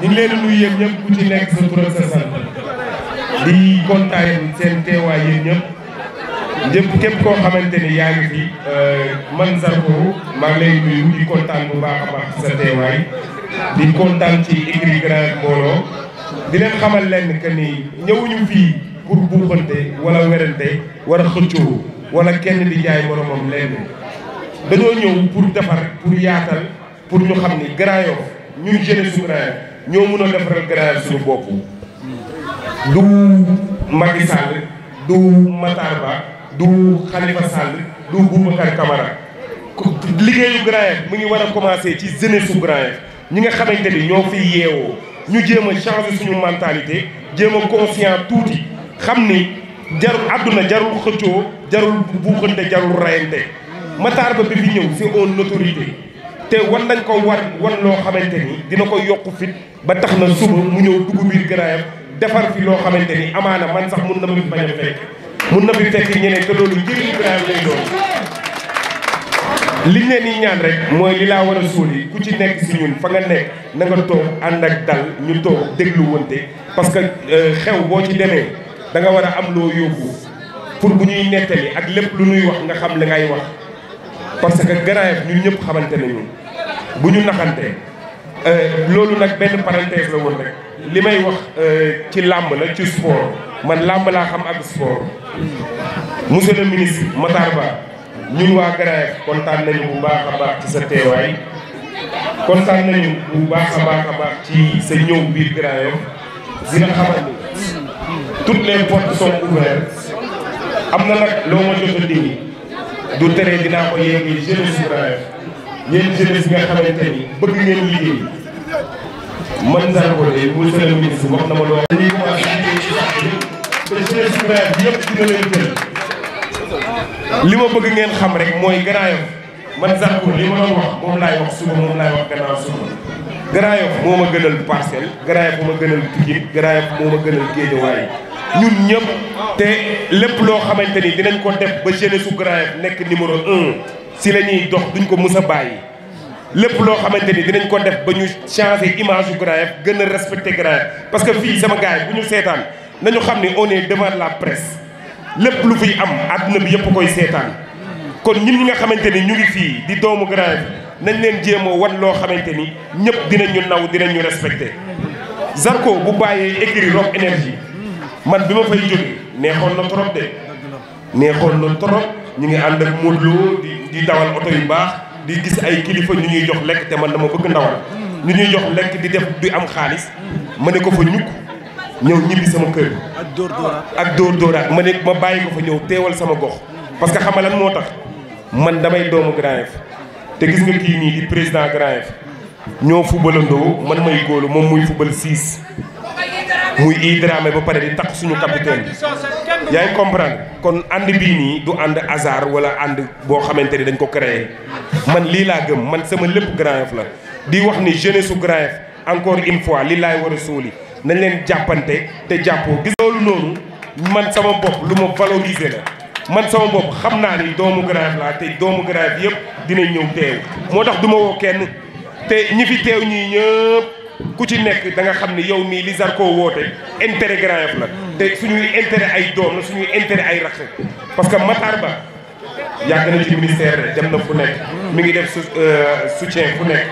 ñu leen di nuyu yéen ñëpp ci nekk sa tur ak sa sant di kontaan seen teewaay yéen ñëpp ñëpp képp koo xamante ni yaa ngi fi euh, man Zarko maa ngi lay nuyu di kontaan bu baax a baax ci sa teewaay di di xamal leen que ni ñëwuñu fii pour buuxante wala werante wala xëccoo wala kenn di jaay moromam lenn dañoo ñëw pour defar pour yaatal pour ñu xam ni Grand Yoff ñun su Grand ñoo mun a defaral garaayal suñu bopp du Macky Sall du Matar du Khalifa Sall du Boubacar Camara liggéeyu Grand Yoff mu ngi war a commencer ci jeunesse su ñi nga xamante ni ñoo fi yeewoo ñu jéem a suñu mentalité jéem a conscient tuuti xam ni jarul àdduna jarul xëccoo jarul buuxante jarul rayante Matar Ba bi fi ñëw c'est une autorité te wan nañ ko war wan loo xamante ni dina ko yokk fit ba tax na suba mu ñëw dugg biir gënaayam defar fi loo xamante ni amaana man sax mun na ma fi bañ a fekk mun na fi fekk ñeneen te loolu njëriñ gënaayam lay doon liñ leen di ñaan rek mooy li laa war a suul yi ku ci nekk si ñun fa nga nekk na nga toog ànd ak dal ñu toog déglu wante parce que euh, xew boo ci demee danga war a am loo yóbbu pour bu ñuy nettali ak lépp lu ñuy wax nga xam la ngay wax parce que Garaayef ñun ñëpp xamante nañu bu ñu naxante euh, loolu nag benn parenthèse la woon rek li may wax euh, ci làmb la ci sport man làmb laa xam ak sport monsieur le ministre Matar Ba ñun waa Garaayef kontaan nañu bu baax a baax ci sa teewaay kontaan nañu bu baax abaax baax ci sa ñëw biir Garaayef dina xamal ni toutes les portes sont ouvertes am na nag loo ma jot a du tere dinaa ko yeggee jeunesse Ibrahima yéen jeunesse bi nga xamante ni bëgg ngeen liggéey man dara ko de monsieur le ministre wax na ma loo xam ne dañuy commencé liggéey ci sax bi te jeunesse Ibrahima bi yëpp dina leen jël li ma bëgg ngeen xam rek mooy Grand Yoff man Zarko li ma doon wax moom laay wax suba moom laay wax gannaaw suba Grand Yoff moo ma gënal parcelle Grand Yoff moo ma gënal Pikine Grand Yoff moo ma gënal Guédiawaye ñun ñëpp te lépp loo xamante ni dinañ ko def ba jeunesse su Grand Yoff nekk numéro un si la ñuy dox duñ ko mës a bàyyi lépp loo xamante ni dinañ ko def ba ñu changer image su Grand Yoff gën a respecter Grand Yoff parce que fii sama gars bu ñu seetaan nañu xam ne on est devant la presse lépp lu fiy am àdduna bi yëpp koy seetaan kon ñun ñi nga xamante ni ñu ngi fii di doomu Grand Yoff nañ leen jéem a wan loo xamante ni ñëpp dinañ ñu naw dinañ ñu respecter ko bu bàyyee écurie Rock Énergie man bi ma fay jógee neexoon na trop de neexoon na trop ñu ngi ànd ak Modou Lo di di dawal oto yu baax di gis ay kilifa ñu ñuy jox lekk te man dama bëgg ndawal ñu ñuy jox lekk di def di am xaalis ma ne ko fa ñukk ñëw ñibbi sama kër ak dóor dóoraat ak dóor dóoraat ma ne ma bàyyi ko fa ñëw teewal sama gox parce que xama lan moo tax man damay doomu Grand te gis nga kii nii di président Grand Yoff ñoo fubalandoo man may góolu moom muy fubal siis muy i Dramé ba pare di takk suñu capitaine bi yaa ngi comprendre kon ànd bii nii du ànd hasard wala ànd boo xamante ni dañ ko créé man lii laa gëm man sama lépp Grand Yoff la di wax ni jeunesse su Grand Yoff encore une fois li laay war a suuli nañ leen jàppante te jàppoo gis loolu noonu man sama bopp lu ma valoriser la man sama bopp xam naa ni doomu Grand Yoff laa te doomu Grand Yoff yëpp dinañ ñëw teew moo tax du ma woo kenn te ñi fi teew ñii ñëpp ku ci nekk da nga xam ni yow mii li Zarko koo intérêt Grand Yoff la te suñuy intérêt ay doom la suñuy intérêt ay rakk parce que Matar Ba yàgg na ci ministère de dem na fu nekk mi ngi def su euh, soutien fu nekk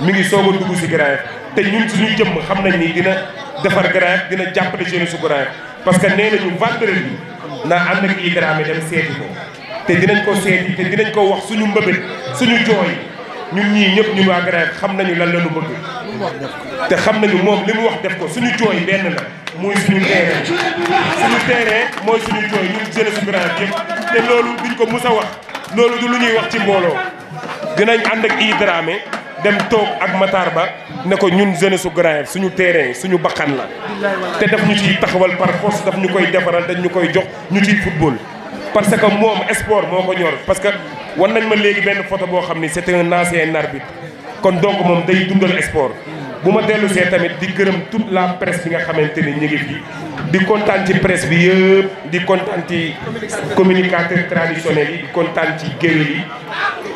mi ngi soog a dugg si Grand te ñun suñu jëmm xam nañ ni dina defar Grand Yoff dina jàppale jeune su Grand parce que nee nañu vendredi bi naa ànd ak Idrissa Seck dem seeti ko te dinañ ko seeti te dinañ ko wax suñu mbëbët suñu jooy ñun ñii ñëpp ñun waa grève xam nañu lan la ñu bëgg te xam nañu moom li mu wax def ko suñu jooy benn la muy suñu terrain suñu terrain mooy suñu jooy ñun jeunesse grève yëpp te loolu duñ ko mus a wax loolu du lu ñuy wax ci mbooloo dinañ ànd ak i dem toog ak Matar Ba ne ko ñun jeunesse su Grand suñu terrain suñu bakkan la te daf ñu ci taxawal par force daf ñu koy defaral dañ ñu koy jox ñu ciy football. parce que moom sport moo ko ñor parce que wan nañ ma léegi benn photo boo xam ni c'est un ancien arbitre kon donc moom day dundal sport bu ma dellusee see tamit di gërëm toute la presse bi nga xamante ni ñu ngi fi di kontaan ci presse bi yëpp di kontaan ci communicateur traditionnel yi di kontaan ci géwél yi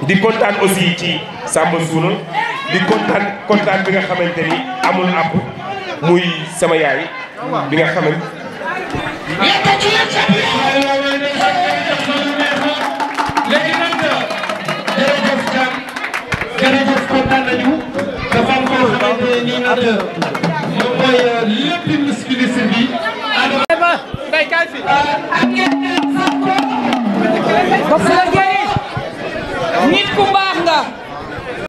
di kontaan aussi ci Samba Suuna di kontaan kontaan bi nga xamante ni amul àpp muy sama yaay bi nga xamante